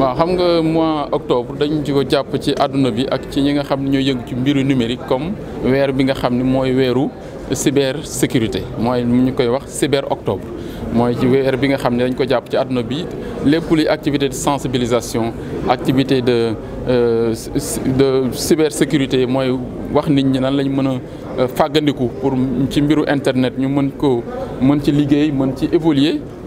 waaw xam nga mois octobre dañ ci ko japp ci aduna bi ak ci ñi nga xam ne ñooy yëngu ci mbiru numérique comme weer bi nga xam moy mooy cyber sécurité moy ñu koy wax cyber octobre moy ci weer bi nga xam ne dañ ko japp ci aduna bi lepp li activité de sensibilisation activité de euh, de cybersécurité moy wax nit ñi nan lañ mëna a euh, pour ci mbiru internet ñu mën ko mën ci liggéey mën ci évoluer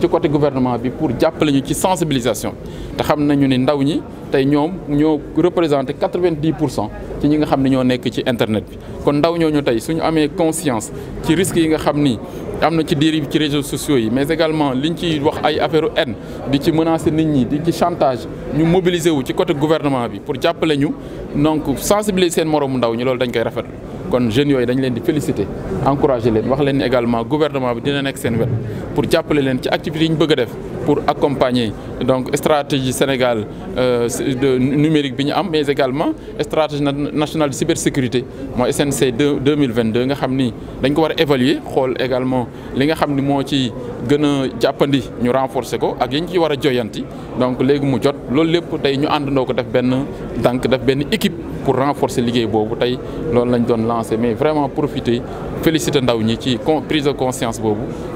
ci côté gouvernement bi pour jàppale ñu ci sensibilisation té xam nañu ne ndaw ñi tay ñom ñoo représenter 90% ci ñi nga xam ne ñoo nek ci internet bi. kon ndaw ñoñu tay suñu amé conscience ci risque yi nga xam ni am ci dérive ci réseaux sociaux yi mais également liñ ciy wax ay affaire haine di ci menacer nit ñi di ci chantage ñu mobiliser wu ci côté gouvernement bi pour jàppale ñu donc sensibiliser seen morom ndaw ñi lool dañ koy rafetlu kon jeune yoy dañ leen di féliciter encourager leen wax leen également gouvernement bi dina nek seen wet pour jàppale leen ci activités yi ñu bëgg def pour accompagner donc stratégie Sénégal euh, de numérique bi ñu am mais également stratégie nationale de cybersécurité Moi SNC 2022, deux nga xam ni dañ ko war évaluer xol également li nga xam ni moo ci gëna a ñu renforcer ko ak yi ñu ci war joyanti donc légui mu jot lool lepp tay ñu àndandoo ko def ben tànk def ben équipe pour renforcer liguey bobu tay lool lañ doon mais vraiment profiter féliciter ndaw qui ci prise de conscience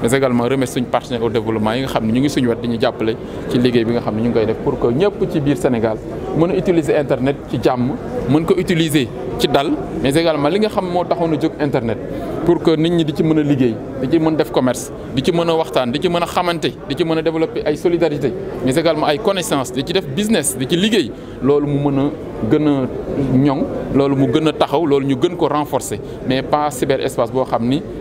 mais également remercier nos partenaires au développement yi nga tous ñu ngi pour que nous ci biir Sénégal mën utiliser internet qui jàmm utiliser ci dal mais également li nga xam mo taxoon a internet pour que nit ñi di ci mëna liggéey di ci mëna def commerce di ci mëna a waxtaan di ci mëna xamanté di ci mëna développer ay solidarité mais également ay connaissance di ci def business di ci liggéey loolu mu mëna gëna ñong a loolu mu gëna taxaw loolu ñu gën ko renforcer mais pas cyberespace bo xamni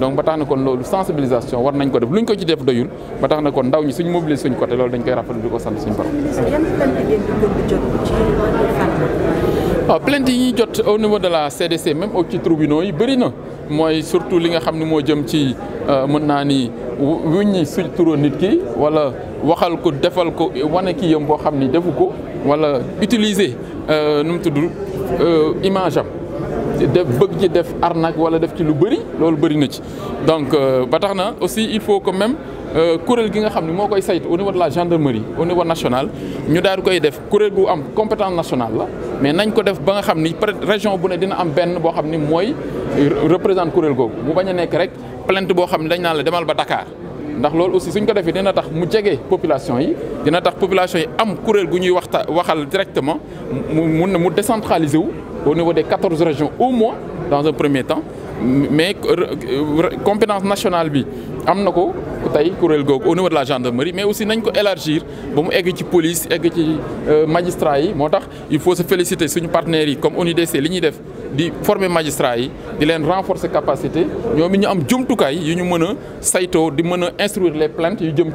donc ba tax na kon lolu sensibilisation war nañ ko def luñ ko ci def doyul ba tax na kon ndaw ñi suñu mobiliser suñu côté lolu dañ koy rafetlu diko ko sant suñu borom. waaw ah, plainte yi jot au niveau de la CDC même au ci tribunaux yi bari na moy surtout li nga xamni mo jëm ci euh, mën naa ni wuññi suñ turu nit ki wala waxal ko defal ko wane ki yëm boo xam ni defu ko wala utiliser euh, nu mu tudd euh, image am def bëgg ci def arnaque wala def ci lu bëri loolu bëri na ci donc euh, ba tax na aussi il faut que même euh, kuréel gi nga xam ne moo koy saytu au niveau de la gendarmerie au niveau national ñu daal koy def kuréel bu am compétence nationale la mais nañ ko def ba nga xam ni peut région bu ne dina am benn boo xam ni mooy représente kuréel googu mu bañ a nekk rek plainte boo xam ne dañ naan la demal ba Dakar ndax loolu aussi suñ ko defee dina tax mu jege population yi dina tax population yi am kuréel gu ñuy waxta waxal directement mu mun mu décentraliser wu au niveau des 14 régions au moins dans un premier temps mais euh, euh, compétence nationale bi au niveau de la gendarmerie mais aussi nous ko élargir les police egg ci euh, il faut se féliciter suñu partenaires yi comme ONUDC li ñuy def former les magistrats de renforcer capacité nous Nous ñu am gens yu ñu instruire les plaintes yu jëm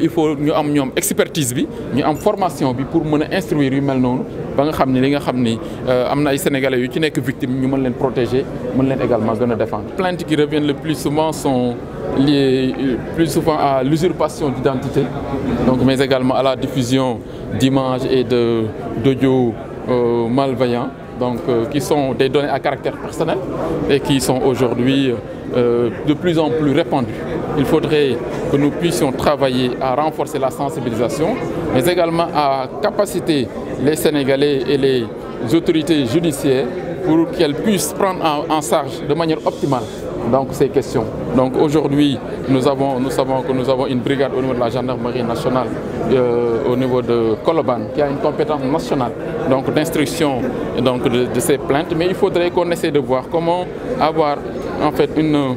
il faut nous am une expertise bi ñu am formation pour instruire yu mel Nous, ba nga li nga euh, am ay sénégalais yu ci victimes victime ñu protéger nous leen également Les défendre plaintes qui reviennent le plus souvent sont liées euh, plus souvent à l'usurpation d'identité, mais également à la diffusion d'images et d'audio euh, malveillants, donc, euh, qui sont des données à caractère personnel et qui sont aujourd'hui de plus en plus répandues. Il faudrait que nous puissions travailler à renforcer la sensibilisation, mais également à capaciter les Sénégalais et les autorités judiciaires pour qu'elles puissent prendre en charge de manière optimale donc, ces questions. Donc aujourd'hui, nous, avons, nous savons que nous avons une brigade au niveau de la gendarmerie nationale, euh, au niveau de Koloban, qui a une compétence nationale d'instruction de, ces plaintes. Mais il faudrait qu'on essaie de voir comment avoir en fait une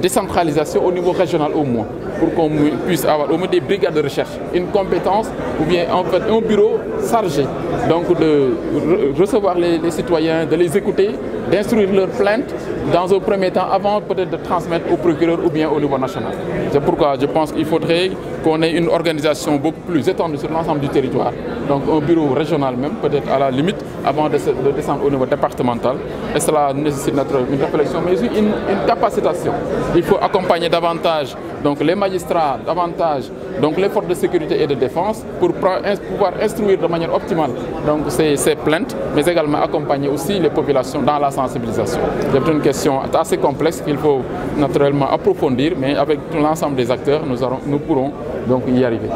décentralisation au niveau régional au moins pour qu'on puisse avoir au moins des brigades de recherche, une compétence ou bien en fait un bureau chargé donc de recevoir les, citoyens, de les écouter, d'instruire leurs plaintes dans un premier temps avant peut-être de transmettre au procureur ou bien au niveau national. C'est pourquoi je pense qu'il faudrait qu'on ait une organisation beaucoup plus étendue sur l'ensemble du territoire. Donc un bureau régional même, peut-être à la limite, avant de, descendre au niveau départemental. Et cela nécessite une réflexion, mais aussi une, capacitation. Il faut accompagner davantage donc, les magistrats, davantage donc, les forces de sécurité et de défense pour pouvoir instruire de manière optimale donc, ces, plaintes, mais également accompagner aussi les populations dans la sensibilisation. C'est une question assez complexe qu'il faut naturellement approfondir, mais avec l'ensemble des acteurs, nous, nous pourrons donc il y arriver.